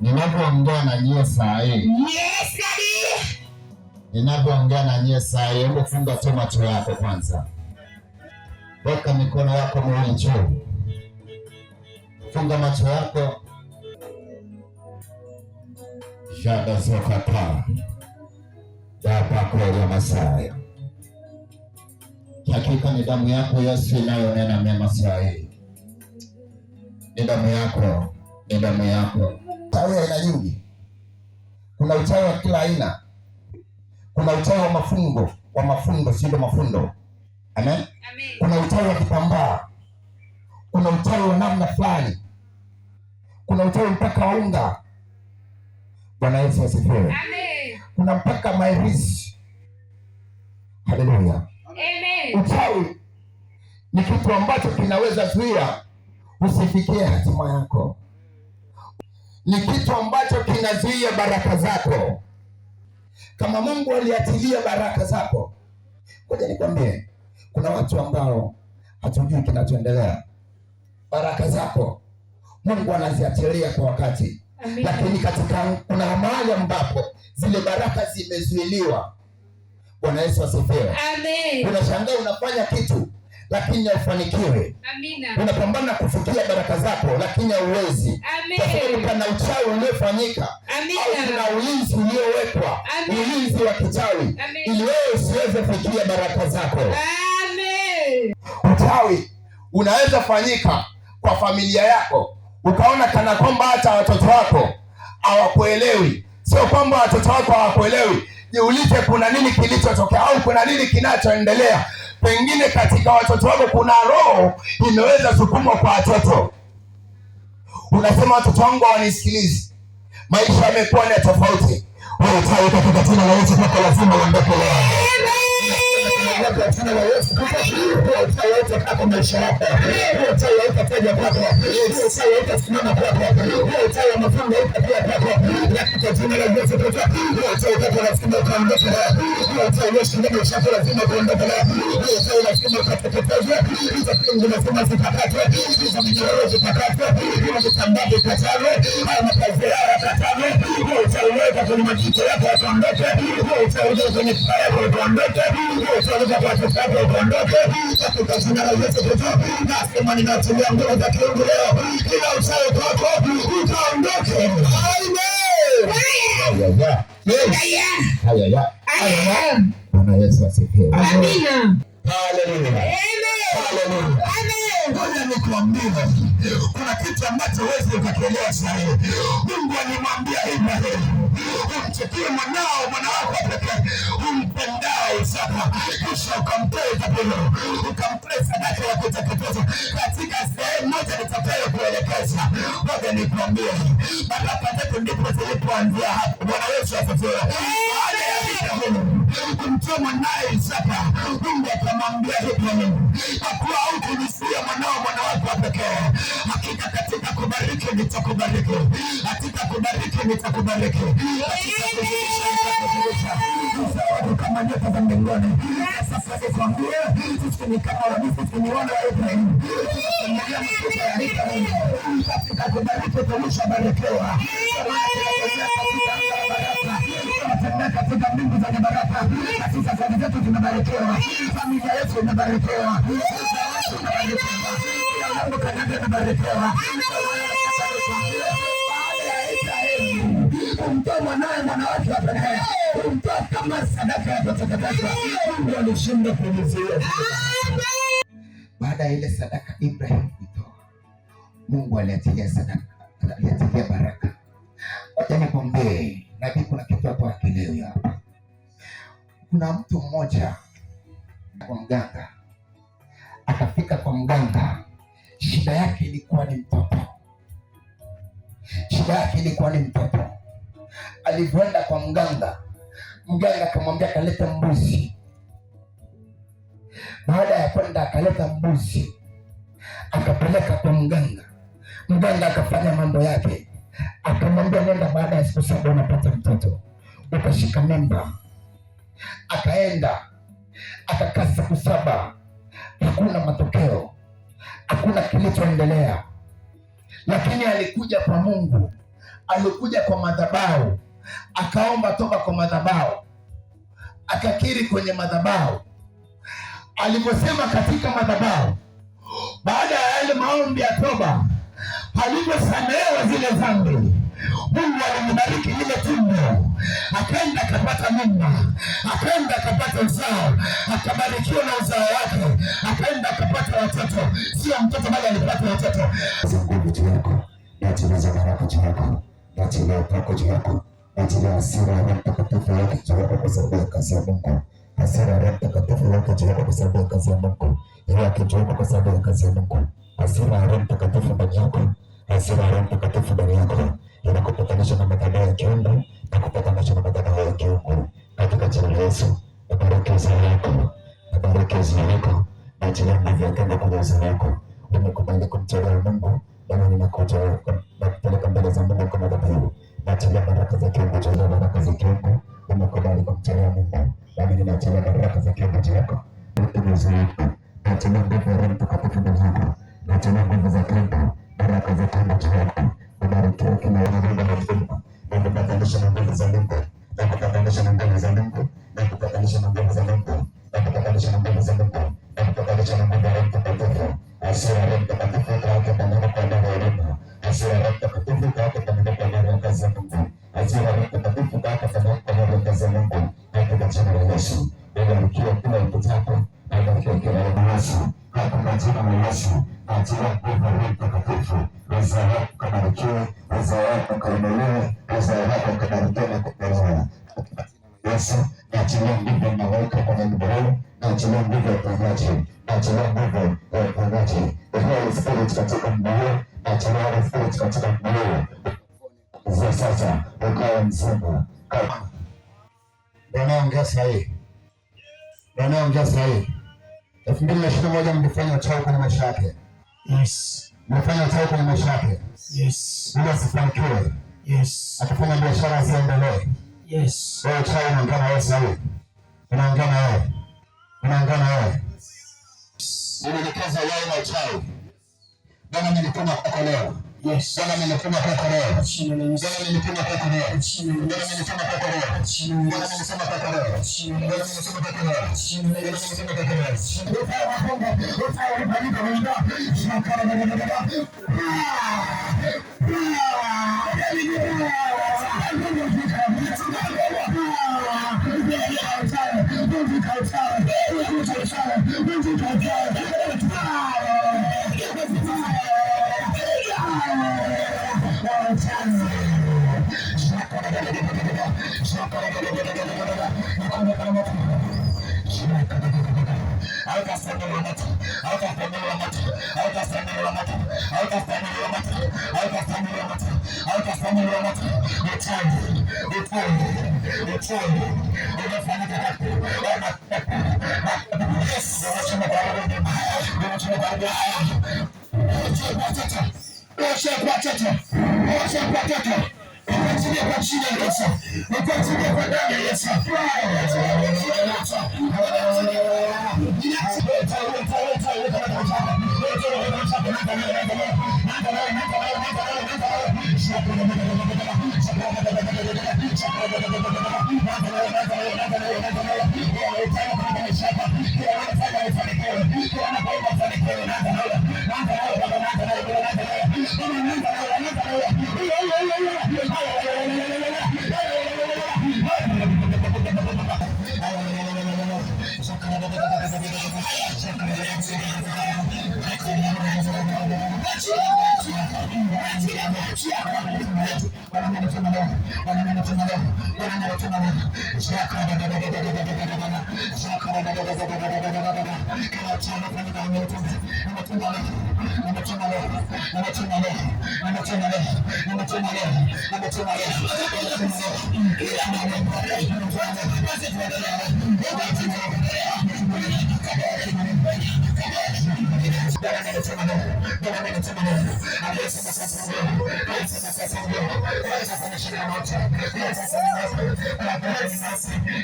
Ninapoongea na nyie saa hii, yes daddy, ninapoongea na nyie saa hii, hebu funga tu macho yako kwanza, weka mikono yako mwili juu, funga macho yako shada zokata dapakoya Masaya. Hakika ni damu yako Yesu inayonena mema saa hii, ni damu yako, ni damu yako Uchawi aina nyingi, kuna uchawi wa kila aina, kuna uchawi wa mafungo wa mafundo, sio mafundo. Amen? Amen. Kuna uchawi wa kitambaa, kuna uchawi wa namna fulani, kuna uchawi mpaka wa unga. Bwana Yesu asifiwe. Amen. Kuna mpaka mairisi. Haleluya. Amen. Uchawi ni kitu ambacho kinaweza zuia usifikie hatima yako ni kitu ambacho kinazuia baraka zako. Kama Mungu aliatilia baraka zako, ngoja nikwambie, kuna watu ambao hatujui kinachoendelea. Baraka zako Mungu anaziatilia kwa wakati Amin. Lakini katika kuna mahali ambapo zile baraka zimezuiliwa. Bwana Yesu asifiwe. Amen. Unashangaa unafanya kitu lakini haufanikiwi. Unapambana kufikia baraka zako, lakini hauwezi, kwa sababu pana uchawi uliofanyika au ulinzi uliowekwa, ulinzi wa kichawi, ili wewe usiweze kufikia baraka zako. Amen. Uchawi unaweza fanyika kwa familia yako, ukaona kana kwamba hata watoto wako hawakuelewi. Sio kwamba watoto wako hawakuelewi, jiulize kuna nini kilichotokea au kuna nini kinachoendelea. Pengine katika watoto wako kuna roho imeweza sukumwa kwa watoto, unasema watoto wangu hawanisikilizi, maisha yamekuwa ni tofauti. Wewe taweka katika jina la Yesu, lazima uondoke leo kabla ya jina la Yesu kufa, huo uchawi hautatoka maisha yako, huo uchawi hautataja kwako, huo uchawi hautasimama kwako, huo uchawi wa mafungo hautakuwa kwako, lakini kwa jina la Yesu Kristo, huo uchawi kwako lazima ukaondoke leo, huo uchawi ulioshindwa maisha yako lazima ukaondoke leo, huo uchawi lazima ukateketezwe, hizo pingu lazima zikakatwe, hizo minyororo zikakatwe, hiyo vitambaa vikatwe, haya makazi yao yakatwe, huo uchawi ulioweka kwenye majicho yako yakaondoke, huo uchawi ulio kwenye kifaa yako ukaondoke, huo uchawi tutakapo tuondoke, tukazina na uwezo kutoka. Nasema ninatulia nguvu za kiungu leo, kila usayo kwako utaondoke. Bwana Yesu asifiwe. Amina. Haleluya. Ngoja nikuambie, kuna kitu ambacho huwezi ukakielewa saa hii. Mungu alimwambia Ibrahimu, umchukie mwanao mwana wako pekee kisha ukamtoe dhabihu, ukamtoe sadaka ya kuteketezwa katika sehemu moja nitakayo kuelekeza. Ngoja nikwambie, baraka zetu ndipo zilipoanzia hapo. Bwana Yesu asifiwe. Baada ya vita humu, kumtoa mwanaye Isaka, Mungu akamwambia Ibrahimu, kwa hukunizuia mwanao, mwana wa pekee, hakika katika kubariki nitakubariki, katika kubariki nitakubariki, katika kuzidisha nitakuzilisha, uzao kama nyota za mbinguni sasa tuambie, sisi ni kama wanafunzi kwenye wana wa Ibrahimu, tunaangalia katika kubariki tulisha barikiwa katika mbingu zenye baraka, na sasa zetu zinabarikiwa, familia yetu inabarikiwa, inabarikiwa, kumtoa mwanawe mwanawake wa Penina kumpa kama sadaka Mungu alishindwa kumzuia. Baada ya ile sadaka Ibrahim kutoa, Mungu aliatilia sadaka, aliatilia baraka. Wacha nikwambie, nabii, kuna kitu hapo akileo hapa. Kuna mtu mmoja kwa mganga, akafika kwa mganga, shida yake ilikuwa ni mtoto, shida yake ilikuwa ni mtoto. Alivyoenda kwa mganga mganga akamwambia akaleta mbuzi. Baada ya kwenda akaleta mbuzi, akapeleka kwa mganga. Mganga akafanya mambo yake, akamwambia nenda, baada ya siku saba unapata mtoto, ukashika mimba. Akaenda akakaa siku saba, hakuna matokeo, hakuna kilichoendelea, lakini alikuja kwa Mungu, alikuja kwa madhabahu akaomba toba kwa madhabahu, akakiri kwenye madhabahu aliposema katika madhabahu. Baada ya yale maombi ya toba, aliposamehewa zile dhambi, Mungu alimbariki lile tumbo, akaenda akapata mimba, akaenda akapata uzao, akabarikiwa na uzao wake, akaenda akapata watoto. Sio mtoto, bali alipata watoto. nguvu juu yako, baraka juu yako, upako juu yako ajili ya hasira ya Roho Mtakatifu yake tuweke kwa sababu ya kazi ya Mungu. Hasira ya Roho Mtakatifu yake tuweke kwa sababu ya kazi ya Mungu. Ile akijiweka kwa sababu ya kazi ya Mungu. Hasira ya Roho Mtakatifu ndani yako. Hasira ya Roho Mtakatifu ndani yako. Inakupatanisha na matandao ya kiungu na kupatanisha na matandao ya kiungu. Katika jina la Yesu, nabariki uzao wako. Nabariki uzao wako. Na ajili ya nguvu kwenye uzao wako. Umekubali kumtolea Mungu. Nami ninakuja nakupeleka mbele za Mungu kwa madhabahu. Naachilia baraka za kiungu chako, baraka za kiungu. Umekubali kumtolea Mungu, nami ninaachilia baraka za kiungu chako ikimezuika. Naachilia nguvu ya Roho Mtakatifu mzima, naachilia nguvu za kiungu, baraka za kiungu chako. Ubarikiwe kila unaenda na Mungu, na kupatanisha na nguvu za Mungu, na kupatanisha na nguvu za Mungu, na kupatanisha na nguvu za Mungu, na kupatanisha na nguvu za Mungu, na kupatanisha na nguvu ya Roho Mtakatifu. Asira Roho Mtakatifu, kwa kwa ndani ya Mungu. Asira achilia nguvu Roho Mtakatifu, wako kabarikiwe, wako kainuliwe, wako kabarikiwe na Yesu, naachilia nguvu kwenye naachilia nguvu ya uponyaji, naachilia nguvu ya uponyaji, the Holy Spirit katika naachilia Holy Spirit katika Kuanzia sasa ukawa mzima elfu mbili na ishirini na moja mlifanya uchawi kwenye maisha yake Yes. Nafanya uchawi kwenye maisha yake. Yes. Bila asifanikiwe. Yes. Akifanya biashara asiendelee. Yes. Wewe uchawi unaongea na wewe sahihi. Unaongea na wewe. Unaongea na wewe. Yes. Ninaelekeza wewe na uchawi. Bwana nilikuwa nakuokolewa. Bwana amenituma kwako leo. Bwana amenituma kwako leo. Bwana amenituma kwako leo. Bwana amenituma kwako leo. Bwana amenituma kwako leo. Bwana amenituma kwako leo. Utaona kwamba utaona baraka mwenda shakara na baraka. Ah! Ah! Haleluya! uchawi Yes. Acha kuwateka, waachilie kwa jina la Yesu, waachilie kwa damu ya Yesu. Mungu zile njia kwa Mungu wetu. Bwana Mungu tunaomba, Bwana Mungu tunaomba, Bwana Mungu tunaomba. Shaka da da da da da da da da da. Shaka da da da da da da da da. Kama chama kwa Mungu tunaomba. Mungu tunaomba nimetuma leo, nimetuma leo, nimetuma leo, nimetuma leo, nimetuma leo, nimetuma leo